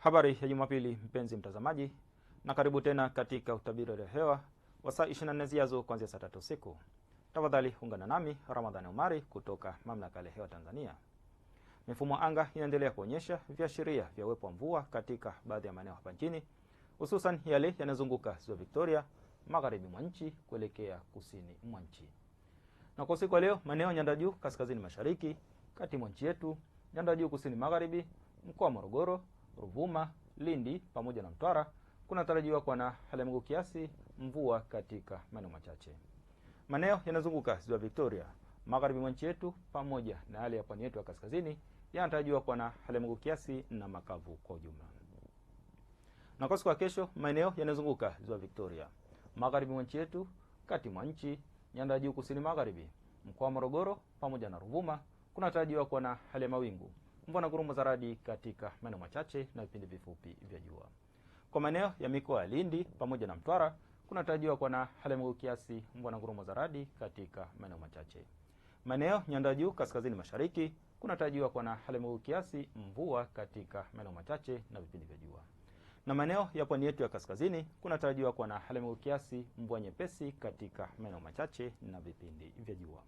Habari ya Jumapili mpenzi mtazamaji, na karibu tena katika utabiri wa hewa wa saa 24 zijazo kuanzia saa tatu usiku. Tafadhali ungana nami Ramadhani umari kutoka Mamlaka ya Hewa Tanzania. Mifumo anga inaendelea kuonyesha viashiria vya uwepo wa mvua katika baadhi ya maeneo hapa nchini, hususan yale yanayozunguka Ziwa Victoria, magharibi mwa nchi kuelekea kusini mwa nchi. Na kwa usiku wa leo, maeneo nyanda juu kaskazini mashariki, kati mwa nchi yetu, nyanda juu kusini magharibi, mkoa wa Morogoro Ruvuma, Lindi pamoja na Mtwara kunatarajiwa kuwa na hali ya mawingu kiasi, mvua katika maeneo machache. Maeneo yanazunguka ziwa Victoria, magharibi mwa nchi yetu pamoja na yale ya pwani yetu ya kaskazini yanatarajiwa kuwa na hali ya mawingu kiasi na makavu kwa ujumla. Na kwa siku ya kesho, maeneo yanazunguka ziwa Victoria, magharibi mwa nchi yetu, kati mwa nchi, nyanda ya juu kusini magharibi, mkoa wa Morogoro pamoja na Ruvuma kunatarajiwa kuwa na hali ya mawingu mvua na ngurumo za radi katika maeneo machache na vipindi vifupi vya jua. Kwa maeneo ya mikoa ya Lindi pamoja na Mtwara kunatarajiwa kuwa na hali ya mawingu kiasi, mvua na ngurumo za radi katika maeneo machache. Maeneo nyanda juu kaskazini mashariki kunatarajiwa kuwa na hali ya mawingu kiasi, mvua katika maeneo machache na vipindi vya jua. Na maeneo ya pwani yetu ya kaskazini kunatarajiwa kuwa na hali ya mawingu kiasi, mvua nyepesi katika maeneo machache na vipindi vya jua.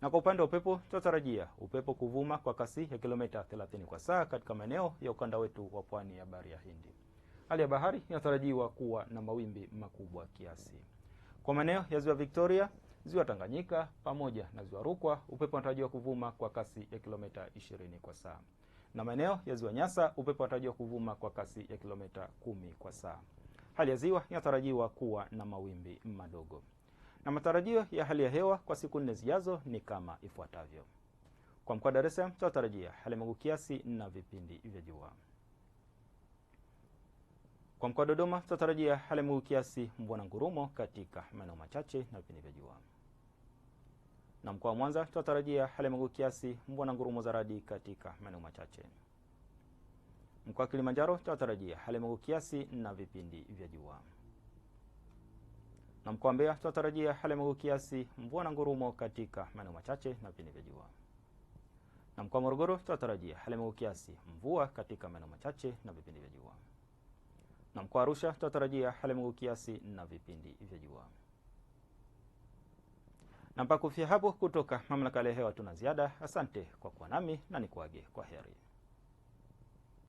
Na kwa upande wa upepo, tunatarajia upepo kuvuma kwa kasi ya kilomita 30 kwa saa katika maeneo ya ukanda wetu wa pwani ya bahari ya Hindi. Hali ya bahari inatarajiwa kuwa na mawimbi makubwa kiasi. Kwa maeneo ya ziwa Victoria, ziwa Tanganyika pamoja na ziwa Rukwa, upepo unatarajiwa kuvuma kwa kasi ya kilomita 20 kwa saa, na maeneo ya ziwa Nyasa, upepo unatarajiwa kuvuma kwa kasi ya kilomita 10 kwa saa. Hali ya ziwa inatarajiwa kuwa na mawimbi madogo. Na matarajio ya hali ya hewa kwa siku nne zijazo ni kama ifuatavyo. Kwa mkoa wa Dar es salam tunatarajia hali magu kiasi na vipindi vya jua. Kwa mkoa wa Dodoma tunatarajia hali magu kiasi, mvua na ngurumo katika maeneo machache na vipindi vya jua. Na mkoa wa Mwanza tunatarajia hali magu kiasi, mvua na ngurumo za radi katika maeneo machache. Mkoa wa Kilimanjaro tunatarajia hali magu kiasi na vipindi vya jua na mkoa wa Mbeya tunatarajia hali ya mawingu kiasi, mvua na ngurumo katika maeneo machache na vipindi vya jua. Na mkoa wa Morogoro tunatarajia hali ya mawingu kiasi, mvua katika maeneo machache na vipindi vya jua. Na mkoa wa Arusha tunatarajia hali ya mawingu kiasi na vipindi vya jua. Na mpaka kufikia hapo, kutoka mamlaka ya hewa tuna ziada. Asante kwa kuwa nami na nikuage kwa heri.